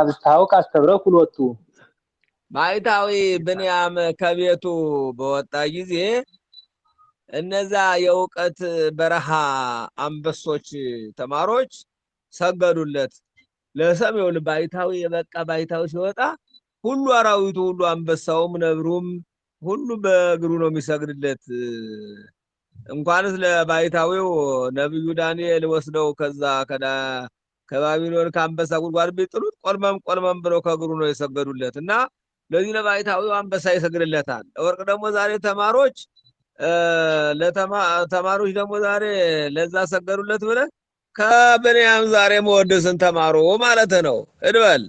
አብስታውቅ አስተብረ ሁለቱ ማይታዊ ብንያም ከቤቱ በወጣ ጊዜ እነዛ የእውቀት በረሃ አንበሶች ተማሮች ሰገዱለት። ለሰሜውን ባይታዊ የበቃ ባይታዊ ሲወጣ ሁሉ አራዊቱ ሁሉ አንበሳውም ነብሩም ሁሉ በእግሩ ነው የሚሰግድለት። እንኳንስ ለባይታዊው ነብዩ ዳንኤል ወስደው ከዛ ከባቢሎን ከአንበሳ ጉድጓድ ቢጥሉት ቆልመም ቆልመም ብለው ከእግሩ ነው የሰገዱለት እና ለዚህ ለባይታዊ አንበሳ ይሰግድለታል። ወርቅ ደግሞ ዛሬ ተማሮች ተማሪዎች ደግሞ ዛሬ ለዛ ሰገዱለት ብለ ከብንያም ዛሬ መወድስን ተማሩ ማለት ነው። እድበል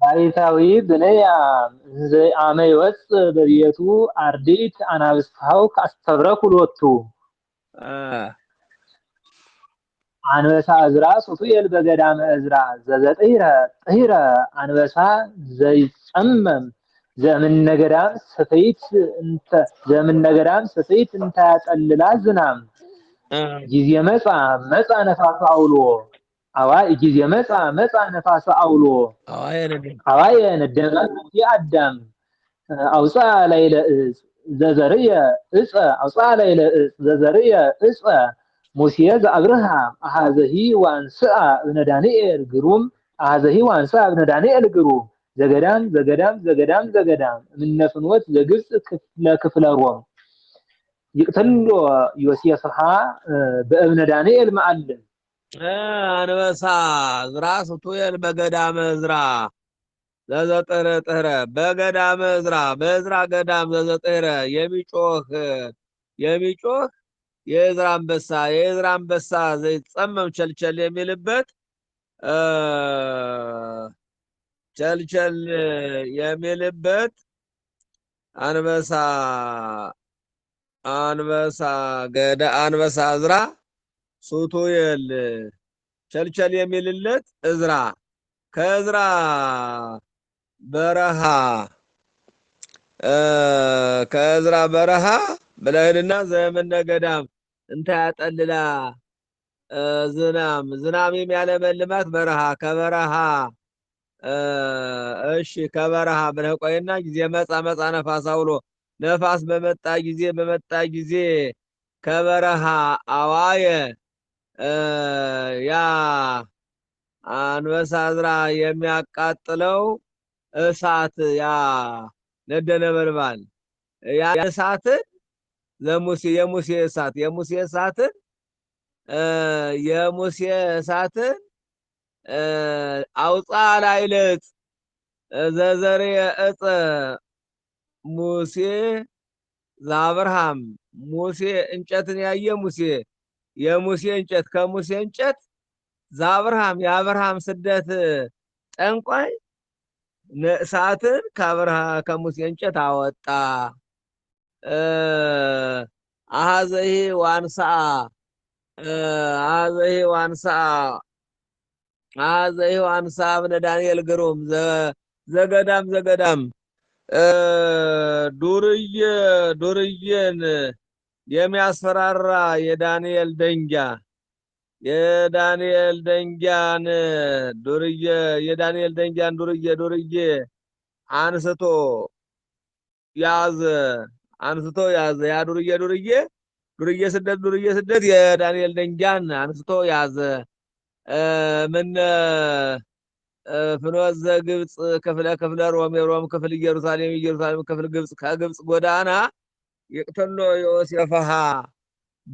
ባይታዊ ብንያም እንዘ አመ ይወፅእ በቤቱ አርዲት አናብስታው ከአስተብረ ኩሎቱ አንበሳ እዝራ ሱቱኤል በገዳመ እዝራ ዘዘጥይረ ጥይረ አንበሳ ዘይጸመም ነገዳም ስፌት እንተ ዘምነገዳም ስፌት እንተ ያጠልላ ዝናም ጊዜ መጻ መጻ ነፋስ አውሎ አዋይ ጊዜ መጻ መጻ ነፋስ አውሎ አዋይ ነደመ አዳም አውፃ ላይ ለእጽ ዘዘርየ እፀ አውፃ ላይ ለእጽ ዘዘርየ እፀ ሙሴ ዘአብርሃ አሃዘሂ ዋንስአ እብነ ዳንኤል ግሩም አሃዘሂ ዋንስአ እብነ ዳንኤል ግሩም ዘገዳም ዘገዳም ዘገዳም ዘገዳም እምነ ፍኖት ዘግብፅ ክፍለ ክፍለ ሮም ይቅተሎ ዮሴፍሃ በእብነ ዳንኤል መዓልም አንበሳ ዝራ ስቱኤል በገዳመ ዝራ ዘዘጠረጠረ በገዳመ ዝራ በዝራ ገዳም ዘዘጠረ የሚጮህ የሚጮህ የእዝራ አንበሳ የእዝራ አንበሳ ዘይጸመም ቸልቸል የሚልበት ቸልቸል የሚልበት አንበሳ አንበሳ ገደ አንበሳ እዝራ ሱቱ የል ቸልቸል የሚልለት እዝራ ከእዝራ በረሃ ከእዝራ በረሃ ብለህንና ዘመነ ገዳም እንታያጠልላ ዝናም ዝናም የሚያለመልማት በረሃ ከበረሃ እሺ ከበረሃ ብለህ ቆይና ጊዜ መጻ መጻ ነፋስ አውሎ ነፋስ በመጣ ጊዜ በመጣ ጊዜ ከበረሃ አዋየ ያ አንበሳ ዝራ የሚያቃጥለው እሳት ያ ነደነበልባል ያ እሳትን ለሙሴ የሙሴ እሳት የሙሴ እሳትን የሙሴ እሳትን አውፃ ላይለጽ ዘዘሬ እፀ ሙሴ ለአብርሃም ሙሴ እንጨትን ያየ ሙሴ የሙሴ እንጨት ከሙሴ እንጨት ዘአብርሃም የአብርሃም ስደት ጠንቋይ እሳትን ከሙሴ እንጨት አወጣ። አሃዘይ ዋንሳ አሃዘይ ዋንሳ አሃዘይ ዋንሳ እብነ ዳንኤል ግሩም ዘገዳም ዘገዳም ዱርዬ ዱርዬን የሚያስፈራራ የዳንኤል ደንጊያ የዳንኤል ደንጊያን ዱርዬ የዳንኤል ደንጊያን ዱርዬ ዱርየ አንስቶ ያዘ አንስቶ ያዘ። ያ ዱርዬ ዱርዬ ዱርዬ ስደት ዱርዬ ስደት የዳንኤል ደንጃን አንስቶ ያዘ። ምን ፍኖዘ ግብፅ ክፍለ ክፍለ ሮም የሮም ክፍል ኢየሩሳሌም ኢየሩሳሌም ክፍል ግብፅ ከግብፅ ጎዳና የቅተሎ ዮሴፍሃ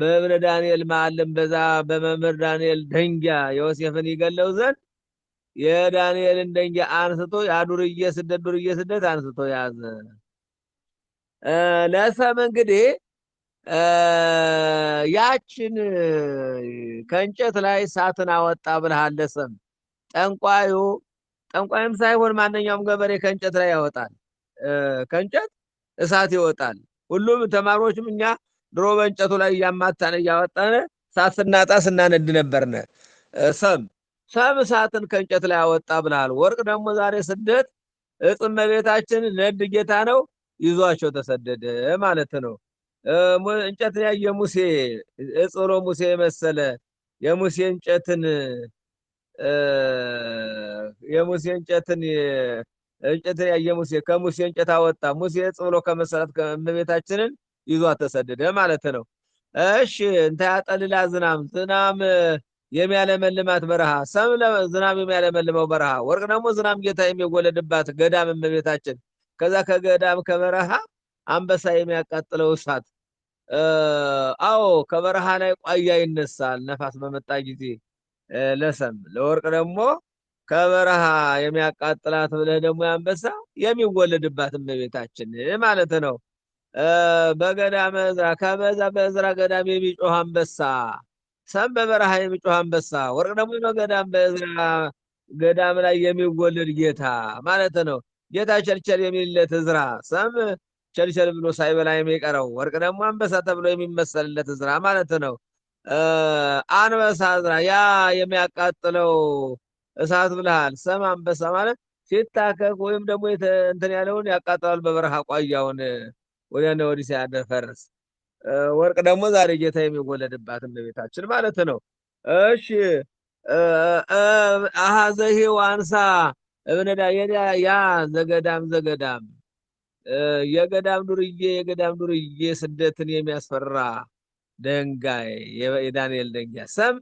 በእብነ ዳንኤል ማለም በዛ በመምህር ዳንኤል ደንጃ ዮሴፍን ይገለው ዘንድ የዳንኤልን ደንጃ አንስቶ ያ ዱርዬ ስደት ዱርዬ ስደት አንስቶ ያዘ። ለሰም እንግዲህ ያችን ከእንጨት ላይ እሳትን አወጣ ብልሃል። ለሰም ጠንቋዩ ጠንቋይም ሳይሆን ማንኛውም ገበሬ ከእንጨት ላይ ያወጣል፣ ከእንጨት እሳት ይወጣል። ሁሉም ተማሪዎችም እኛ ድሮ በእንጨቱ ላይ እያማታን እያወጣን እሳት ስናጣ ስናነድ ነበርነ። ሰም ሰም እሳትን ከእንጨት ላይ አወጣ ብልሃል። ወርቅ ደግሞ ዛሬ ስደት እጽም በቤታችን ነድ ጌታ ነው ይዟቸው ተሰደደ ማለት ነው። እንጨትን ያየ ሙሴ እጽሎ ሙሴ የመሰለ የሙሴ እንጨትን የሙሴ እንጨትን እንጨትን ያየ ሙሴ ከሙሴ እንጨት አወጣ። ሙሴ እጽሎ ከመሰላት ከእመቤታችንን ይዟ ተሰደደ ማለት ነው። እሺ እንታ ያጠልላ ዝናም ዝናም የሚያለመልማት በረሃ ሰም ዝናም የሚያለመልመው በረሃ ወርቅ ደግሞ ዝናም ጌታ የሚወለድባት ገዳም እመቤታችን ከዛ ከገዳም ከበረሃ አንበሳ የሚያቃጥለው እሳት አዎ ከበረሃ ላይ ቋያ ይነሳል ነፋስ በመጣ ጊዜ ለሰም ለወርቅ ደግሞ ከበረሃ የሚያቃጥላት ብለህ ደግሞ ያንበሳ የሚወለድባት እመቤታችን ማለት ነው። በገዳመ ዕዝራ ከበዛ በእዝራ ገዳም የሚጮህ አንበሳ፣ ሰም በበረሃ የሚጮህ አንበሳ፣ ወርቅ ደግሞ በገዳም በእዝራ ገዳም ላይ የሚወለድ ጌታ ማለት ነው። ጌታ ቸልቸል የሚልለት እዝራ ሰም ቸልቸል ብሎ ሳይበላ የሚቀረው ወርቅ ደግሞ አንበሳ ተብሎ የሚመሰልለት እዝራ ማለት ነው። አንበሳ እዝራ ያ የሚያቃጥለው እሳት ብልሃል። ሰም አንበሳ ማለት ሲታከክ ወይም ደግሞ እንትን ያለውን ያቃጥላል በበረሃ ቋያውን ወዲያና ወዲህ ሲያደፈርስ። ወርቅ ደግሞ ዛሬ ጌታ የሚወለድባት እመቤታችን ማለት ነው። እሺ አሃዘሂ ዋንሳ እብነዳ ያ ዘገዳም ዘገዳም የገዳም ዱርዬ የገዳም ዱርዬ ስደትን የሚያስፈራ ደንጋይ የዳንኤል ደንጋ ሰም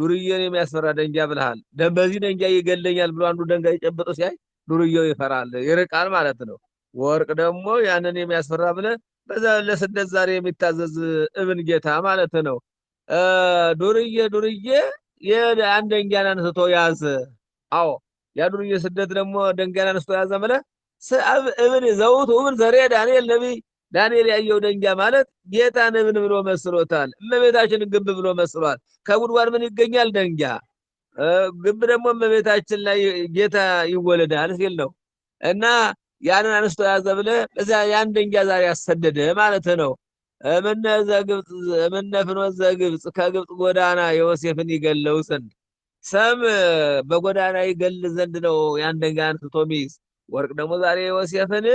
ዱርዬን የሚያስፈራ ደንጊያ ብልሃል። በዚህ ደንጊያ ይገለኛል ብሎ አንዱ ደንጋይ ጨብጦ ሲያይ ዱርዬው ይፈራል፣ ይርቃል ማለት ነው። ወርቅ ደግሞ ያንን የሚያስፈራ ብለ በዛ ለስደት ዛሬ የሚታዘዝ እብን ጌታ ማለት ነው። ዱርዬ ዱርዬ የአንድ ደንጊያን አንስቶ ያዘ። አዎ የአዱንዬ ስደት ደግሞ ደንጋን አንስቶ ያዘ ብለህ ስአብ እብን ዘውት እብን ዘሬ ዳንኤል ነቢ ዳንኤል ያየው ደንጋ ማለት ጌታን እብን ብሎ መስሎታል። እመቤታችን ግብ ብሎ መስሏል። ከጉድጓድ ምን ይገኛል? ደንጋ። ግብ ደግሞ እመቤታችን ላይ ጌታ ይወለዳል ሲል ነው እና ያንን አንስቶ ያዘ ብለህ እዚያ ያን ደንጋ ዛሬ ያሰደደ ማለት ነው። እምነ ዘግብፅ እምነ ፍኖ ዘግብፅ ከግብፅ ጎዳና ዮሴፍን ይገለው ዘንድ ሰም በጎዳና ይገል ዘንድ ነው ያን ደንጋይ አንስቶ ሚይዝ። ወርቅ ደግሞ ዛሬ ዮሴፍን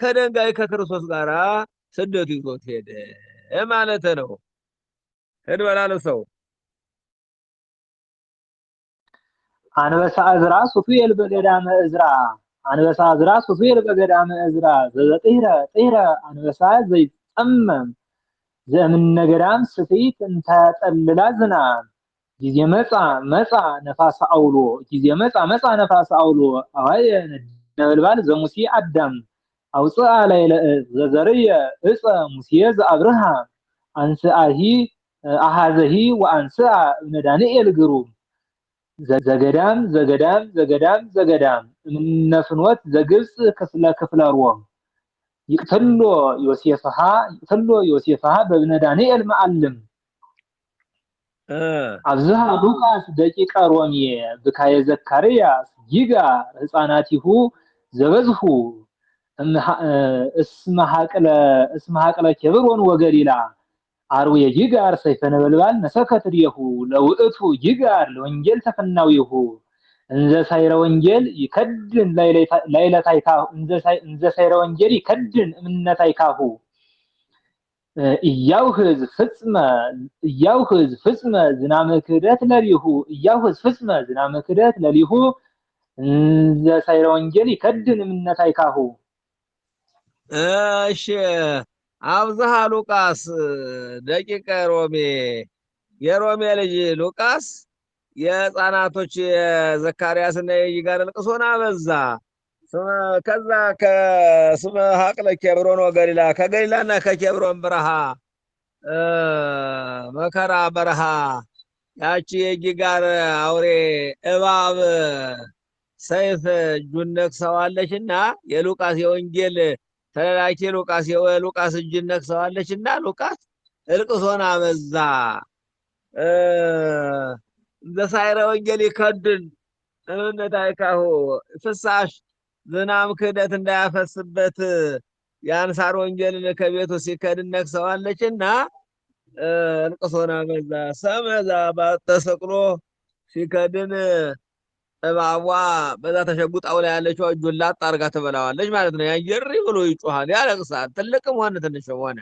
ከደንጋይ ከክርስቶስ ጋር ስደቱ ይዞት ሄደ ማለት ነው። ሂድ በላለ ሰው አንበሳ እዝራ ሱቱኤል በገዳመ እዝራ አንበሳ እዝራ ሱቱኤል በገዳመ እዝራ ዘዘጢህረ ጢህረ አንበሳ ዘይጠመም ዘእምነ ስፊት ስትይ እንተጠልላ ዝናብ ጊዜ መጻ መጻ ነፋስ አውሎ ጊዜ መጻ መጻ ነፋስ አውሎ አዋየ ነበልባል ዘሙሴ አዳም አውፅአ ላዕለ ዘዘርየ ዕፀ ሙሴ ዘአብርሃ አንስአሂ አሃዘሂ ወአንስአ እብነ ግሩም ዘገዳም ዘገዳም ዘገዳም ዘገዳም እምነ ዘግብፅ ክፍለ ክፍለ ሮም ይቅትሎ ዮሴፍሃ ይቅትሎ ዮሴፍሃ በእብነ ዳንኤል መዓልም አብዝሃ ሉቃስ ደቂቀ ሮሜ ብካየ ዘካርያስ ይጋ ህፃናቲሁ ዘበዝሁ እስመ ሀቅለ ኬብሮን ወገሊላ አርዌ ይጋር ሰይፈ ነበልባል ነሰከትርየሁ ለውእቱ ይጋር ለወንጌል ተፈናዊሁ እንዘ ሳይረ ወንጌል ይከድን ላይለታይካሁ እንዘ ሳይረ ወንጌል ይከድን እምነታይካሁ እያውህዝ ፍጽመ እያውህዝ ፍጽመ ዝናመ ክህደት ለሊሁ እያውህዝ ፍጽመ ዝናመ ክህደት ለሊሁ ዘሳይረ ሳይረ ወንጌል ይከድን እምነት አይካሁ። እሺ አብዝሃ ሉቃስ ደቂቀ ሮሜ የሮሜ ልጅ ሉቃስ የሕፃናቶች የዘካርያስና የይጋር ልቅሶን አበዛ። ከዛ ከስመ ሀቅለ ኬብሮን ወገሊላ ከገሊላና ከኬብሮን በረሃ መከራ በረሃ ያቺ የጊጋር አውሬ እባብ ሰይፍ እጁን ነክሰዋለችና የሉቃስ የወንጌል ተላላኪ ሉቃስ የሉቃስ እጁን ሉቃስ እልቅሶን አበዛ። ዘሳይረ ወንጌል ይከድን እምነት አይካሁ ፍሳሽ ዝናብ ክህደት እንዳያፈስበት የአንሳር ወንጀልን ከቤቱ ሲከድ ነክሰዋለችና እልቅሶና በዛ ሰመዛ ባተሰቅሎ ሲከድን እባቧ በዛ ተሸጉጣው ላይ ያለችው እጁን ላጥ አድርጋ ትበላዋለች ማለት ነው። ያየሪ ብሎ ይጮሃል፣ ያለቅሳል። ትልቅም ሆነ ትንሽም ሆነ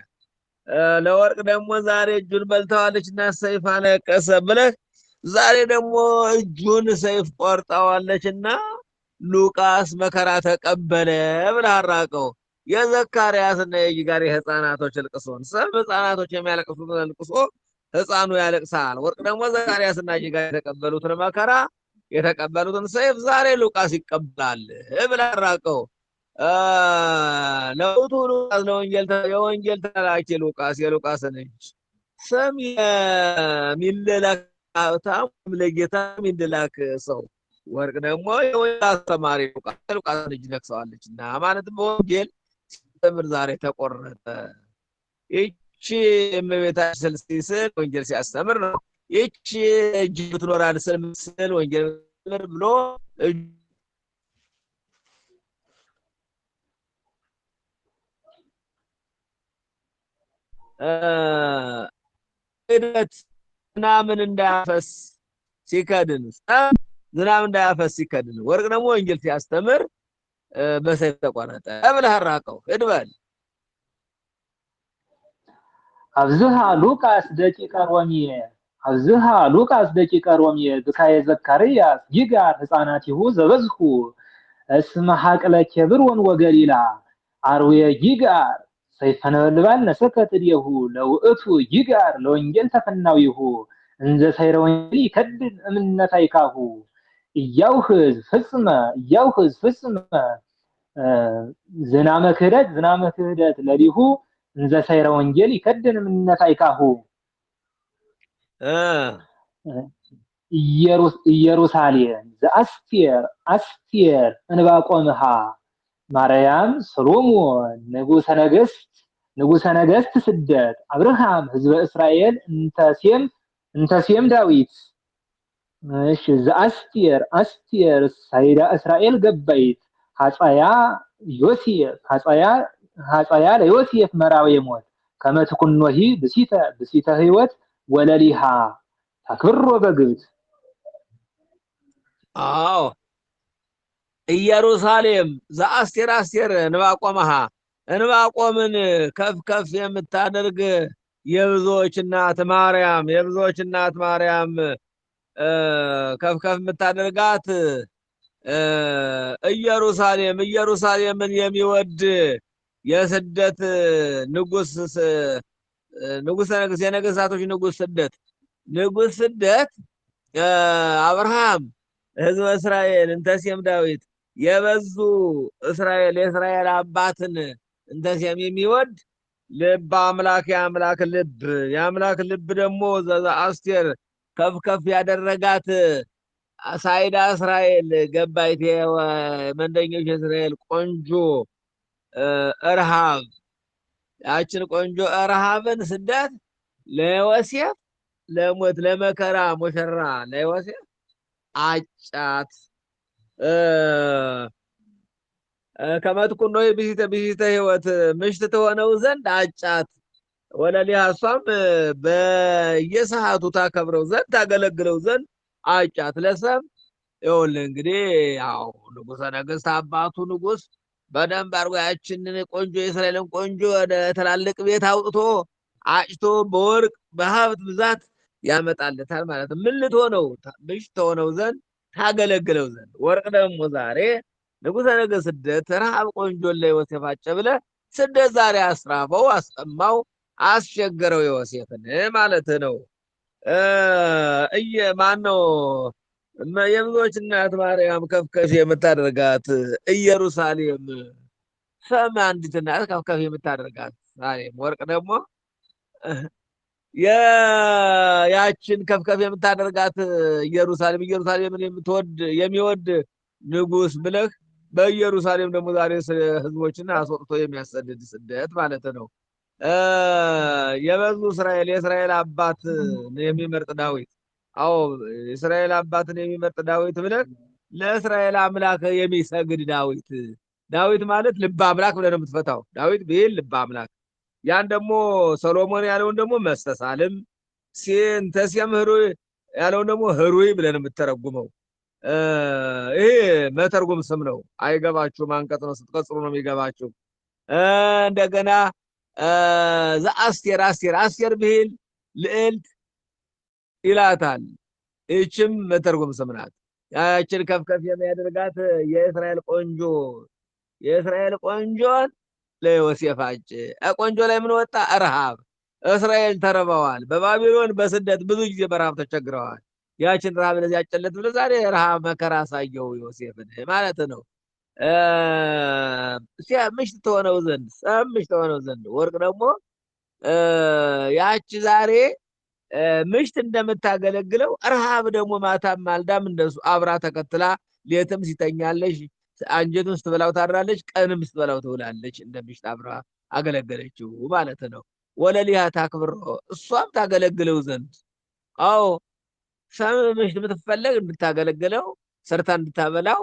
ለወርቅ ደግሞ ዛሬ እጁን በልተዋለች እና ሰይፍ አለቀሰ ብለህ ዛሬ ደግሞ እጁን ሰይፍ ቆርጠዋለች እና ሉቃስ መከራ ተቀበለ ብለህ አራቀው። የዘካርያስና የጊጋሪ ህፃናቶች ልቅሶን ሰብ ህፃናቶች የሚያለቅሱት ልቅሶ ህፃኑ ያለቅሳል። ወርቅ ደግሞ ዘካርያስና ጊጋሪ የተቀበሉትን መከራ የተቀበሉትን ሰይፍ ዛሬ ሉቃስ ይቀበላል ብለህ አራቀው። ለውቱ ሉቃስ የወንጌል ተላላኪ ሉቃስ የሉቃስን እጅ ስም የሚልላክ ታም ለጌታ የሚልላክ ሰው ወርቅ ደግሞ አስተማሪ ሉቃስ ልጅ ነክሰዋለች እና ማለትም በወንጌል ሲያስተምር ዛሬ ተቆረጠ። ይቺ እመቤታችን ስል ሲስል ወንጌል ሲያስተምር ነው። ይቺ እጅ ብትኖር ስል ምስል ወንጌል ምር ብሎ ሂደት ምናምን እንዳያፈስ ሲከድን ዝናብ እንዳያፈስ ይከድን ወርቅ ደግሞ ወንጌል ሲያስተምር በሰይፍ ተቋረጠ እብለህ ራቀው እድበል አብዝሃ ሉቃስ ደቂቀ ሮሚየ አብዝሃ ሉቃስ ደቂቀ ሮሚየ ብካየ ዘካርያስ ይጋር ህፃናት ይሁ ዘበዝኩ እስመ ሀቅለ ኬብሮን ወገሊላ አርዌ ይጋር ሰይፈ ነበልባል ነሰከ እዴሁ ለውእቱ ይጋር ለወንጌል ይሁ እንዘ ሰይረ ወንጌል ይከድን እምነታይካሁ እያውህዝ ፍጽመ እያውህዝ ፍጽመ ዝናመ ክህደት ዝናመ ክህደት ለሊሁ እንዘ ሰይረ ወንጌል ይከድን እምነት አይካሁ ኢየሩሳሌም ዘአስቴር አስቴር እንባቆምሃ ማርያም ሰሎሞን ንጉሰ ነገስት ንጉሰ ነገስት ስደት አብርሃም ህዝበ እስራኤል እንተሴም እንተሴም ዳዊት እሺ ዘአስቴር አስቴር ሳይዳ እስራኤል ገባይት ሐጻያ ዮሴፍ ሐጻያ ሐጻያ ለዮሴፍ መራዊ ሞት ከመትኩኖሂ ብሲተ ብሲተ ህይወት ወለሊሃ ታክብሮ በግብት አዎ ኢየሩሳሌም ዘአስቴር አስቴር እንባቆመሃ እንባቆምን ከፍ ከፍ የምታደርግ የብዙዎች እናት ማርያም የብዙዎች እናት ማርያም ከፍከፍ የምታደርጋት ኢየሩሳሌም ኢየሩሳሌምን የሚወድ የስደት ንጉስ ንጉሰ ነገስት የነገስታቶች ንጉስ ስደት ንጉስ ስደት አብርሃም ህዝበ እስራኤል እንተሴም ዳዊት የበዙ እስራኤል የእስራኤል አባትን እንተሴም የሚወድ ልብ አምላክ የአምላክ ልብ የአምላክ ልብ ደግሞ ዘዛ አስቴር ከፍ ከፍ ያደረጋት ሳይዳ እስራኤል ገባይት መንደኞች እስራኤል ቆንጆ እርሃብ ያችን ቆንጆ እርሃብን ስደት ለዮሴፍ ለሞት ለመከራ ሙሽራ ለዮሴፍ አጫት። ከመትኩኖ ብሲተ ብሲተ ሕይወት ምሽት ተሆነው ዘንድ አጫት። ወለሊሃ እሷም በየሰዓቱ ታከብረው ዘንድ ታገለግለው ዘንድ አጫት ለሰም ይሁን እንግዲህ ያው ንጉሰ ነገስት አባቱ ንጉስ በደንብ አድርጎ ያችንን ቆንጆ የእስራኤልን ቆንጆ ወደ ትላልቅ ቤት አውጥቶ አጭቶ በወርቅ በሀብት ብዛት ያመጣለታል ማለት ነው። ምን ልትሆነው ምሽ ተሆነው ዘንድ ታገለግለው ዘንድ ወርቅ ደግሞ ዛሬ ንጉሰ ነገስት ስደት ረሃብ ቆንጆን ላይ ወሴፋጨ ብለ ስደት ዛሬ አስራፈው አስጠማው አስቸገረው ዮሴፍን ማለት ነው። እየ ማን ነው የብዙዎች እናት ማርያም ከፍከፍ የምታደርጋት ኢየሩሳሌም ሰም አንዲት እናት ከፍከፍ የምታደርጋት ሳሌም ወርቅ ደግሞ ያችን ከፍከፍ የምታደርጋት ኢየሩሳሌም ኢየሩሳሌምን የምትወድ የሚወድ ንጉስ ብለህ በኢየሩሳሌም ደግሞ ዛሬ ህዝቦችን አስወጥቶ የሚያሰድድ ስደት ማለት ነው። የበዙ እስራኤል የእስራኤል አባት የሚመርጥ ዳዊት። አዎ የእስራኤል አባትን የሚመርጥ ዳዊት ብለን ለእስራኤል አምላክ የሚሰግድ ዳዊት። ዳዊት ማለት ልበ አምላክ ብለን የምትፈታው ዳዊት ብሂል ልበ አምላክ። ያን ደግሞ ሰሎሞን ያለውን ደግሞ መስተሳልም ሲንተስየም ህሩይ ያለውን ደግሞ ህሩይ ብለን የምትተረጉመው ይሄ መተርጉም ስም ነው። አይገባችሁም። አንቀጽ ነው ስትቀጽሩ ነው የሚገባችሁ እንደገና ዘአስቴር አስቴር አስቴር ብሂል ልዕልት ይላታል። ይህችም መተርጎም ስም ናት። ያችን ከፍከፍ የሚያደርጋት የእስራኤል ቆንጆ የእስራኤል ቆንጆን ለዮሴፍ አጭ ቆንጆ ላይ ምን ወጣ? ረሃብ። እስራኤል ተርበዋል። በባቢሎን በስደት ብዙ ጊዜ በረሃብ ተቸግረዋል። ያችን ረሃብ ለዚያ አጨለት ብሎ ዛሬ ረሃብ መከራ አሳየው ዮሴፍን ማለት ነው። አምሽት ተሆነው ዘንድ አምሽት ተሆነው ዘንድ ወርቅ ደግሞ ያች ዛሬ ምሽት እንደምታገለግለው ረሃብ ደግሞ ማታ ማልዳም እንደሱ አብራ ተከትላ ሌትም ሲተኛለች አንጀቱን ስትበላው ታድራለች፣ ቀንም ስትበላው ትውላለች። እንደ ምሽት አብራ አገለገለችው ማለት ነው። ወለሊሃ ታክብሮ እሷም ታገለግለው ዘንድ አዎ ምሽት የምትፈለግ እንድታገለግለው ሰርታ እንድታበላው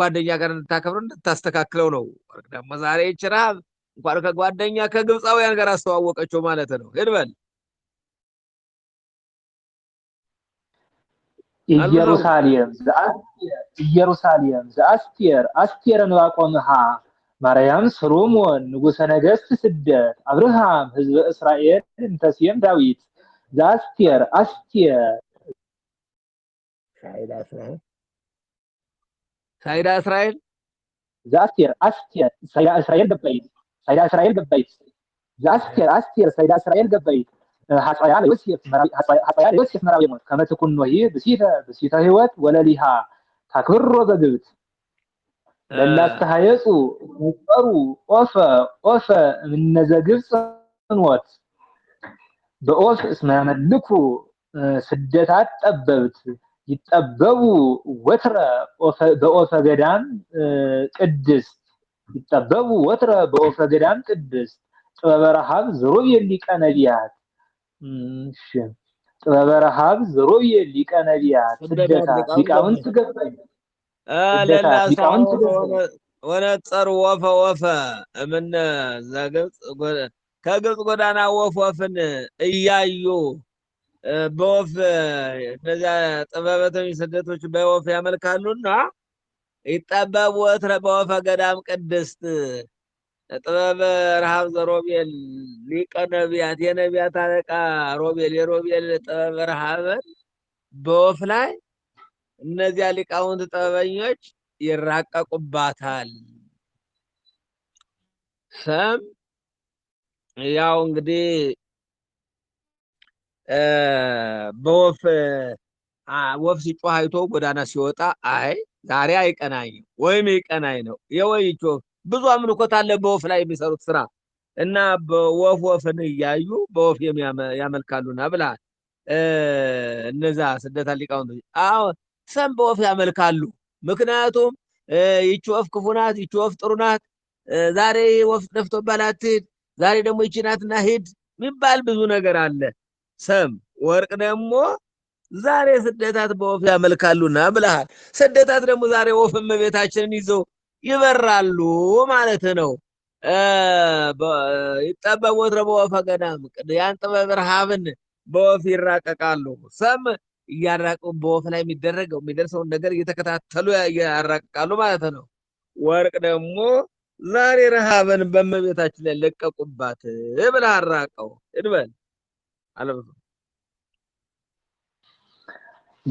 ጓደኛ ጋር እንድታከብር እንድታስተካክለው ነው። ደግሞ ዛሬ ይህች ረሃብ እንኳን ከጓደኛ ከግብፃውያን ጋር አስተዋወቀችው ማለት ነው። ግድበል ኢየሩሳሌም ኢየሩሳሌም ዘአስቴር አስቴር እንባቆምሃ ማርያም ስሩሞን ንጉሰ ነገስት ስደት አብርሃም ህዝበ እስራኤል እንተስየም ዳዊት ዘአስቴር አስቴር sayidaa Israa'el? Zaastier, Astier, sayidaa Israa'el gabbaa'idha. Sayidaa Israa'el gabbaa'idha. Zaastier, Astier, sayidaa Israa'el gabbaa'idha. ሀፀያለ ዮሴፍ ሀፀያለ ዮሴፍ ምዕራብ የሞት ከመትኩን ነው ይህ ብሲተ ብሲተ ህይወት ወለሊሃ ታክብሮ በግብት ለላስተሃየፁ ወጠሩ ኦፈ ኦፈ እምነዘ ግብፅ ንወት በኦፍ እስመ መልኩ ስደታት ጠበብት ይጠበቡ ወትረ በኦፈ ገዳም ቅድስት ይጠበቡ ወትረ በኦፈ ገዳም ቅድስት ጥበበ ረሃብ ዘሮብየ ሊቀ ነቢያት ጥበበ ረሃብ ዘሮብየ ሊቀ ነቢያት ስደታት ሊቃውንት ገባኝ ወነጸር ወፈ ወፈ እምነ ከግብፅ ጎዳና ወፍ ወፍን እያዩ በወፍ እነዚያ ጥበበተኞች ስደቶች በወፍ ያመልካሉና ይጠበብ ወትረ በወፈ ገዳም ቅድስት ጥበበ ረሃብ ዘሮቤል ሊቀ ነቢያት የነቢያት አለቃ ሮቤል የሮቤል ጥበበ ረሃብን በወፍ ላይ እነዚያ ሊቃውንት ጥበበኞች ይራቀቁባታል። ሰም ያው እንግዲህ በወፍ ወፍ ሲጮህ አይቶ ጎዳና ሲወጣ አይ ዛሬ አይቀናኝ ወይም ይቀናኝ ነው የወይቾ ብዙ አምልኮት አለ በወፍ ላይ የሚሰሩት ስራ እና በወፍ ወፍን እያዩ በወፍ ያመልካሉና ብለሃል። እነዛ ስደታ ሊቃውንቶች አዎ ሰም በወፍ ያመልካሉ። ምክንያቱም ይች ወፍ ክፉ ናት፣ ይች ወፍ ጥሩ ናት። ዛሬ ወፍ ነፍቶባል አትሂድ፣ ዛሬ ደግሞ ይቺ ናትና ሂድ የሚባል ብዙ ነገር አለ። ሰም ወርቅ ደግሞ ዛሬ ስደታት በወፍ ያመልካሉና ብለሃል። ስደታት ደግሞ ዛሬ ወፍ እመቤታችንን ይዘው ይበራሉ ማለት ነው። ይጠበብ ወትረ በወፈ ገዳም ያን ጥበብ ረሃብን በወፍ ይራቀቃሉ። ሰም እያራቀ በወፍ ላይ የሚደረገው የሚደርሰውን ነገር እየተከታተሉ ያራቀቃሉ ማለት ነው። ወርቅ ደግሞ ዛሬ ረሃብን በእመቤታችን ላይ ለቀቁባት ብለህ አራቀው እንበል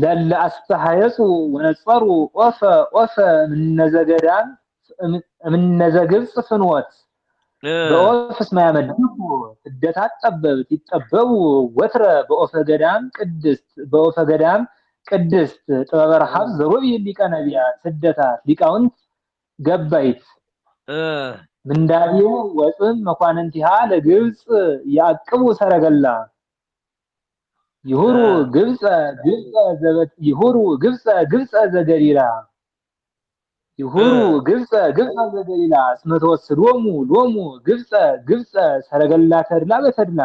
ዘለ አስበሐ ወነጸሩ ወፈ ወፈ ምነዘገዳም እምነዘግብፅ ፍንወት በኦፍ እስመ ያመድኩ ፍደታት ጠበብት ይጠበቡ ወትረ በወፈ ገዳም ቅድስት በኦፈ ገዳም ቅድስት ጥበበ ረሃብ ዘሮብየ ሊቀ ነቢያት ስደታት ሊቃውንት ገባይት ምንዳቤ ወፅም መኳንንቲሃ ለግብፅ ያቅቡ ሰረገላ ይሁሩ ግብፀ ግብፀ ዘበት ይሁሩ ግብፀ ግብፀ ዘገሊላ ይሁሩ ግብፀ ግብፀ ዘገሊላ እስመ ተወስዶሙ ሎሙ ግብፀ ግብፀ ሰረገላ ተድላ በተድላ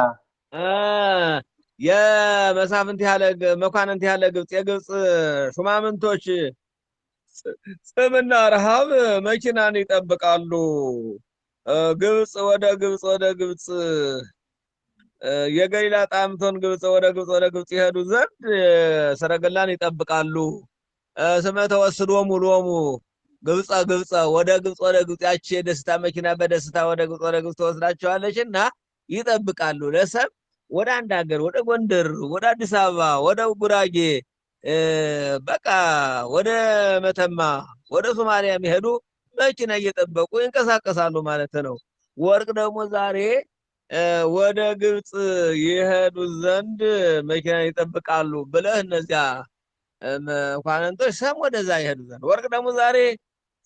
የመሳፍንት ያለ መኳንንት ያለ ግብፅ የግብፅ ሹማምንቶች ጽምና ረሃብ መኪናን ይጠብቃሉ። ግብፅ ወደ ግብፅ ወደ ግብፅ የገሊላ ጣምቶን ግብፅ ወደ ግብፅ ወደ ግብፅ ይሄዱ ዘንድ ሰረገላን ይጠብቃሉ። ስመ ተወስዶሙ ሎሙ ግብፀ ግብፀ ወደ ግብፅ ወደ ግብፅ ያቺ የደስታ መኪና በደስታ ወደ ግብፅ ወደ ግብፅ ተወስዳቸዋለች እና ይጠብቃሉ። ለሰብ ወደ አንድ ሀገር ወደ ጎንደር፣ ወደ አዲስ አበባ፣ ወደ ጉራጌ በቃ ወደ መተማ፣ ወደ ሶማሊያ የሚሄዱ መኪና እየጠበቁ ይንቀሳቀሳሉ ማለት ነው። ወርቅ ደግሞ ዛሬ ወደ ግብፅ ይሄዱ ዘንድ መኪና ይጠብቃሉ ብለህ እነዚያ መኳንንቶች ሰም ወደዛ ይሄዱ ዘንድ ወርቅ ደግሞ ዛሬ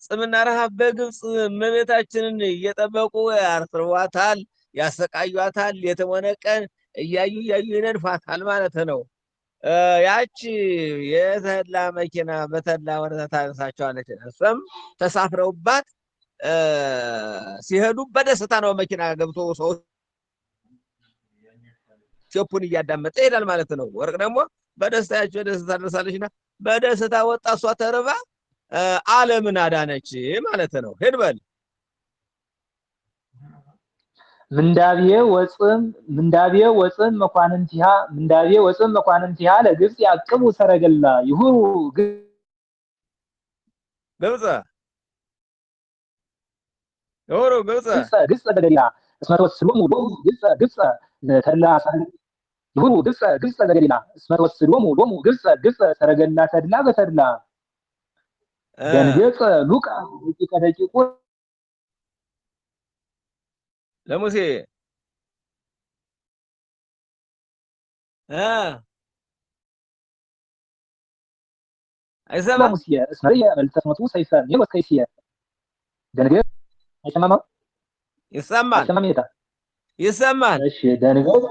ጽምና ረሃብ በግብፅ እመቤታችንን እየጠበቁ ያስርቧታል፣ ያሰቃዩታል። የተሞነቀን ቀን እያዩ እያዩ ይነድፏታል ማለት ነው። ያቺ የተላ መኪና በተላ ወደዛ ታነሳቸዋለች። እሷም ተሳፍረውባት ሲሄዱ በደስታ ነው መኪና ገብቶ ሰው ሸፑን እያዳመጠ ይሄዳል ማለት ነው። ወርቅ ደግሞ በደስታ ያች በደስታ ደርሳለችና በደስታ ወጣ፣ እሷ ተርባ ዓለምን አዳነች ማለት ነው። ሂድ በል ምንዳብየ ወፅም ምንዳቤ ወፅም መኳንንቲሃ ምንዳቤ ወፅም መኳንንቲሃ ለግብፅ ያቅቡ ሰረገላ ይሁሩ ግብፅ ይሁሩ ግብፅ ግብፅ ተገላ እስመ ተወስሎሙ ግብፅ ግብፅ ተላ ይሁኑ ግልፀ ግልፀ ነገሪና እስመ ተወስዶሙ ሎሙ ግልፀ ግልፀ ሰረገላ ተድላ በተድላ ገንገፀ ሉቃ ደቂቀ ደቂቁ ለሙሴ አይሰማ ሙሴ እስመየ መልተስመቱ ሰይፈን ይወስ ከይሲየ ገንገ አይሰማማ ይሰማል ይሰማል ይሰማል እሺ ገንገፀ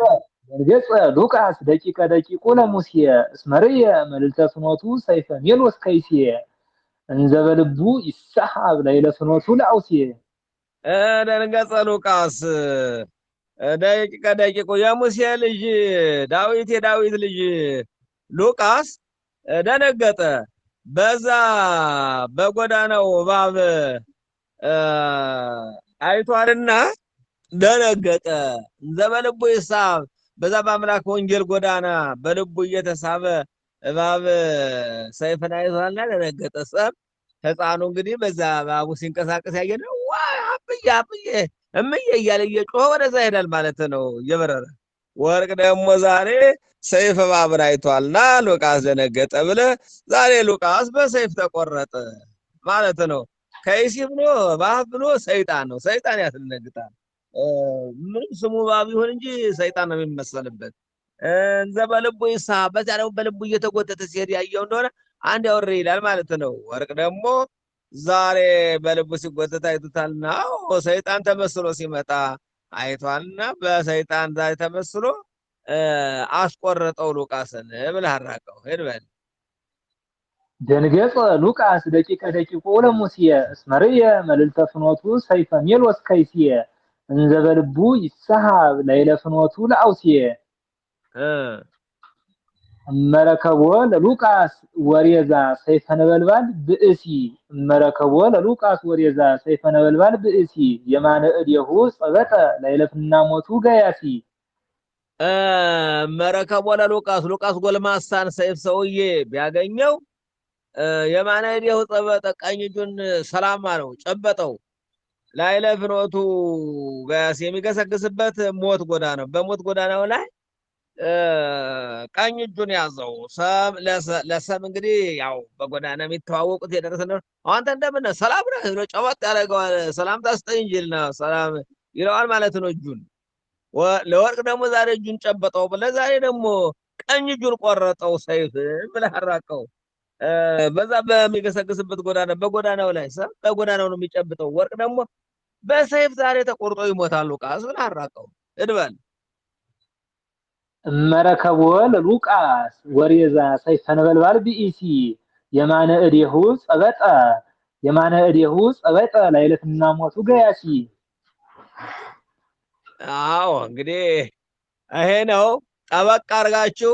ገጽ ሉቃስ ደቂቀ ደቂቁ ለሙሴ እስመርየ መልዕልተ ፍኖቱ ሰይፈ ሜሎስ ከይሴ እንዘበልቡ ላይለ ፍኖቱ ለአውሴ ሉቃስ ደቂቀ ደቂቁ የሙሴ ልጅ ዳዊት የዳዊት ልጅ ሉቃስ ደነገጠ። በዛ በጎዳናው እባብ አይቷልና ደነገጠ። እንዘበልቡ ይሳብ በዛ በአምላክ ወንጌል ጎዳና በልቡ እየተሳበ እባብ ሰይፍን አይዟልና ለረገጠ ሰብ ህፃኑ እንግዲህ በዛ እባቡ ሲንቀሳቀስ ያየነ ነው። አብዬ አብዬ እምዬ እያለ እየጮኸ ወደዛ ይሄዳል ማለት ነው እየበረረ ወርቅ ደግሞ ዛሬ ሰይፍ እባብን አይቷልና ሉቃስ ደነገጠ ብለ ዛሬ ሉቃስ በሰይፍ ተቆረጠ ማለት ነው። ከይሲ ብሎ እባብ ብሎ ሰይጣን ነው። ሰይጣን ያስደነግጣል። ምንም ስሙ እባብ ይሁን እንጂ ሰይጣን ነው የሚመሰልበት። እንዘ በልቡ ይሳብ በዚያ ደግሞ በልቡ እየተጎተተ ሲሄድ ያየው እንደሆነ አንድ ያወር ይላል ማለት ነው። ወርቅ ደግሞ ዛሬ በልቡ ሲጎተት አይቱታልና ሰይጣን ተመስሎ ሲመጣ አይቷልና በሰይጣን ዛሬ ተመስሎ አስቆረጠው ሉቃስን ብለህ አራቀው ሂድ በል ደንገጸ ሉቃስ ደቂቀ ደቂቁ ለሙስየ እስመርየ መልዕልተ ፍኖቱ ሰይፈ ሜሎስ ከይስየ እንዘበልቡ ይሰሃብ ለይለ ፍኖቱ ለአውስዬ እመረከቦ ለሉቃስ ወሬዛ ሰይፈ ነበልባል ብእሲ እመረከቦ ለሉቃስ ወሬዛ ሰይፈ ነበልባል ብእሲ የማነ እድየሁ ጸበጠ ለይለፍና ሞቱ ገያሲ መረከቦ ለሉቃስ ሉቃስ ጎልማሳን ሰይፍ ሰውዬ ቢያገኘው የማነ እድየሁ ጸበጠ ቀኝ እጁን ሰላማ ነው ጨበጠው። ላይለ ፍኖቱ ጋስ የሚገሰግስበት ሞት ጎዳና ነው። በሞት ጎዳናው ላይ ቀኝ እጁን ያዘው ሰም ለሰም እንግዲህ ያው በጎዳና የሚተዋወቁት የደረሰ ነው። አንተ እንደምን ሰላም ነህ ብሎ ጨበጥ ያደርገዋል። ታስጠኝ ስጠኝ ነው ሰላም ይለዋል ማለት ነው። እጁን ለወርቅ ደግሞ ዛሬ እጁን ጨበጠው ብለህ ዛሬ ደግሞ ቀኝ እጁን ቆረጠው። ሰይፍ ብለህ አራቀው በዛ በሚገሰግስበት ጎዳና በጎዳናው ላይ ሰ በጎዳናው ነው የሚጨብጠው። ወርቅ ደግሞ በሰይፍ ዛሬ ተቆርጦ ይሞታል። ሉቃስ ብለህ አራቀው እንበል እመረከቦ ለሉቃስ ወሬዛ ሰይፍ ተነበልባል ቢኢሲ የማነ እዴሁ ጸበጠ የማነ እዴሁ ጸበጠ ላይለትና ሞቱ ገያሲ። አዎ እንግዲህ ይሄ ነው ጠበቅ አድርጋችሁ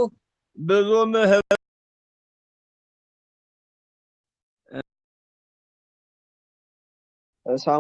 ብዙም So